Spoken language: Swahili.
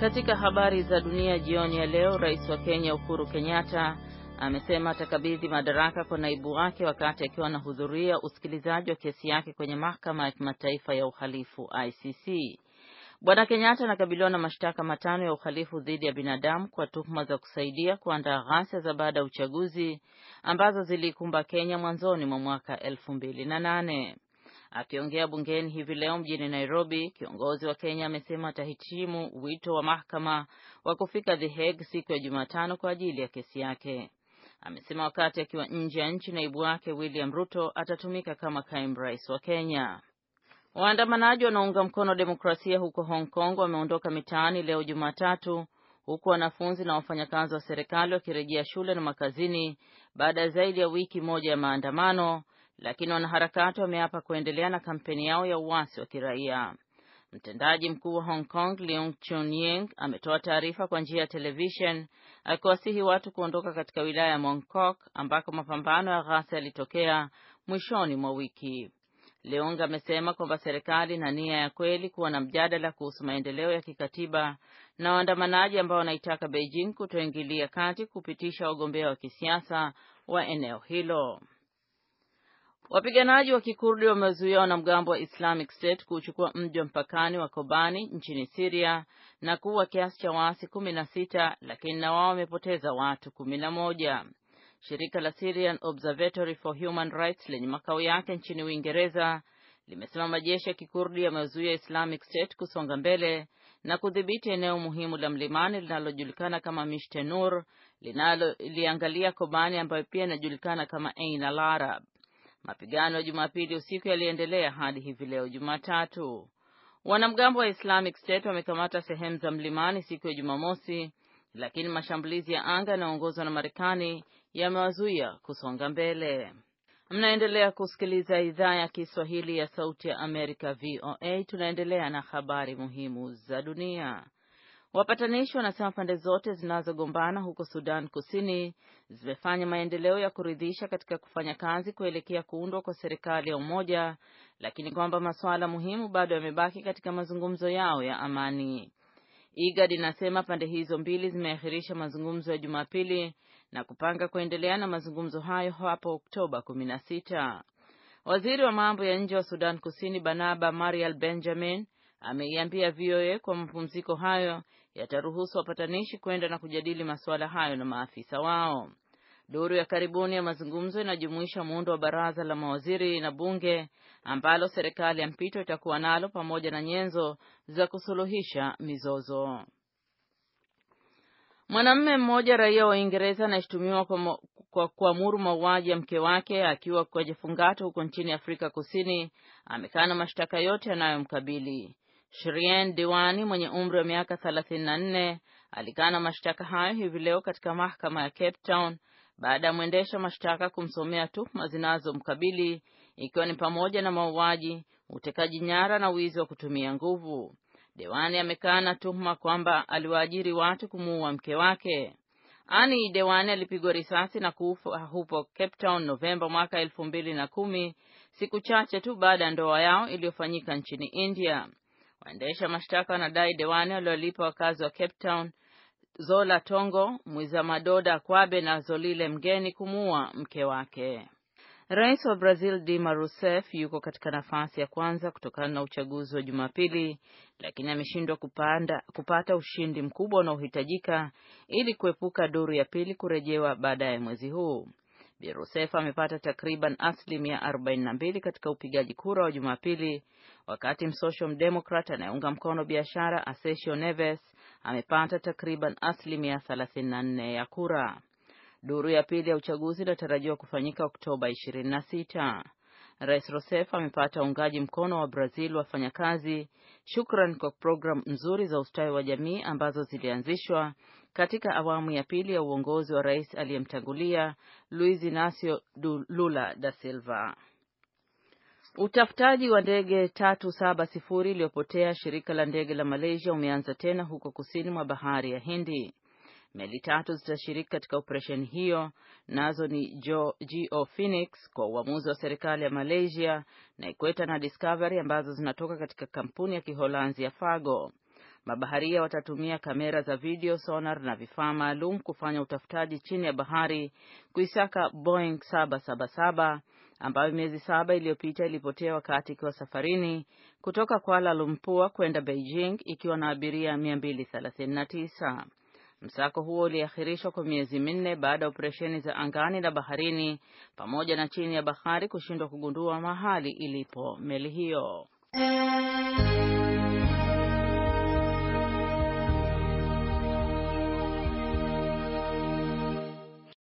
Katika habari za dunia jioni ya leo, rais wa Kenya Uhuru Kenyatta amesema atakabidhi madaraka kwa naibu wake wakati akiwa anahudhuria usikilizaji wa kesi yake kwenye mahakama ya kimataifa ya uhalifu ICC. Bwana Kenyatta anakabiliwa na mashtaka matano ya uhalifu dhidi ya binadamu kwa tuhuma za kusaidia kuandaa ghasia za baada ya uchaguzi ambazo ziliikumba Kenya mwanzoni mwa mwaka elfu mbili na nane. Akiongea bungeni hivi leo mjini Nairobi, kiongozi wa Kenya amesema atahitimu wito wa mahakama wa kufika The Hague siku ya Jumatano kwa ajili ya kesi yake. Amesema wakati akiwa nje ya nchi, naibu wake William Ruto atatumika kama kaimu rais wa Kenya. Waandamanaji wanaunga mkono demokrasia huko Hong Kong wameondoka mitaani leo Jumatatu, huku wanafunzi na wafanyakazi wa serikali wakirejea shule na makazini baada ya zaidi ya wiki moja ya maandamano lakini wanaharakati wameapa kuendelea na kampeni yao ya uasi wa kiraia. Mtendaji mkuu wa Hong Kong Leung Chun-ying ametoa taarifa kwa njia ya televishen akiwasihi watu kuondoka katika wilaya ya Mong Kok ambako mapambano ya ghasia yalitokea mwishoni mwa wiki. Leung amesema kwamba serikali ina nia ya kweli kuwa na mjadala kuhusu maendeleo ya kikatiba na waandamanaji ambao wanaitaka Beijing kutoingilia kati kupitisha wagombea wa kisiasa wa eneo hilo. Wapiganaji wa Kikurdi wamezuia wanamgambo wa Islamic State kuchukua mji wa mpakani wa Kobani nchini Siria na kuua kiasi cha waasi kumi na sita, lakini na wao wamepoteza watu kumi na moja. Shirika la Syrian Observatory for Human Rights lenye makao yake nchini Uingereza limesema majeshi ya Kikurdi yamezuia Islamic State kusonga mbele na kudhibiti eneo muhimu la mlimani linalojulikana kama Mishte Nur linaloliangalia Kobani ambayo pia inajulikana kama Ain al-Arab. Mapigano ya Jumapili usiku yaliendelea hadi hivi leo Jumatatu. Wanamgambo wa Islamic State wamekamata sehemu za mlimani siku ya Jumamosi, lakini mashambulizi ya anga yanayoongozwa na Marekani yamewazuia kusonga mbele. Mnaendelea kusikiliza idhaa ya Kiswahili ya Sauti ya Amerika, VOA. Tunaendelea na habari muhimu za dunia. Wapatanishi wanasema pande zote zinazogombana huko Sudan Kusini zimefanya maendeleo ya kuridhisha katika kufanya kazi kuelekea kuundwa kwa serikali ya umoja, lakini kwamba masuala muhimu bado yamebaki katika mazungumzo yao ya amani. IGAD inasema pande hizo mbili zimeahirisha mazungumzo ya Jumapili na kupanga kuendelea na mazungumzo hayo hapo Oktoba 16. Waziri wa mambo ya nje wa Sudan Kusini Banaba Marial Benjamin ameiambia VOA kwa mapumziko hayo yataruhusu wapatanishi kwenda na kujadili masuala hayo na maafisa wao. Duru ya karibuni ya mazungumzo inajumuisha muundo wa baraza la mawaziri na bunge ambalo serikali ya mpito itakuwa nalo pamoja na nyenzo za kusuluhisha mizozo. Mwanamume mmoja raia wa Uingereza anayeshutumiwa kwa kuamuru mauaji ya mke wake akiwa kwa jefungato huko nchini Afrika Kusini amekana mashtaka yote yanayomkabili. Shirien Diwani mwenye umri wa miaka 34 alikana mashtaka hayo hivi leo katika mahakama ya Cape Town baada ya mwendesha mashtaka kumsomea tuhuma zinazomkabili ikiwa ni pamoja na mauaji, utekaji nyara na wizi wa kutumia nguvu. Dewani amekana tuhuma kwamba aliwaajiri watu kumuua mke wake. Ani Dewani alipigwa risasi na kufa huko Cape Town Novemba mwaka elfu mbili na kumi, siku chache tu baada ya ndoa yao iliyofanyika nchini India. Waendesha mashtaka wanadai dewani waliolipa wakazi wa Cape Town Zola Tongo, Mwizamadoda kwabe na Zolile Mgeni kumuua mke wake. Rais wa Brazil Dilma Rousseff yuko katika nafasi ya kwanza kutokana na uchaguzi wa Jumapili, lakini ameshindwa kupanda kupata ushindi mkubwa unaohitajika ili kuepuka duru ya pili kurejewa baadaye mwezi huu. Bi Rousseff amepata takriban asilimia 42 katika upigaji kura wa Jumapili, wakati msocial democrat anayeunga mkono biashara Asensio Neves amepata takriban asilimia 34 ya kura. Duru ya pili ya uchaguzi inatarajiwa kufanyika Oktoba 26. Rais Rousseff amepata uungaji mkono wa Brazil wafanyakazi, shukran kwa programu nzuri za ustawi wa jamii ambazo zilianzishwa katika awamu ya pili ya uongozi wa rais aliyemtangulia Luiz Inacio Lula da Silva. Utafutaji wa ndege 370 iliyopotea shirika la ndege la Malaysia umeanza tena huko kusini mwa bahari ya Hindi. Meli tatu zitashiriki katika operesheni hiyo, nazo ni Geo Phoenix kwa uamuzi wa serikali ya Malaysia na Ikweta na Discovery ambazo zinatoka katika kampuni ya Kiholanzi ya Fago. Mabaharia watatumia kamera za video, sonar na vifaa maalum kufanya utafutaji chini ya bahari kuisaka Boeing 777 ambayo miezi saba iliyopita ilipotea wakati ikiwa safarini kutoka Kuala Lumpur kwenda Beijing ikiwa na abiria 239. Msako huo uliahirishwa kwa miezi minne baada ya operesheni za angani na baharini pamoja na chini ya bahari kushindwa kugundua mahali ilipo meli hiyo.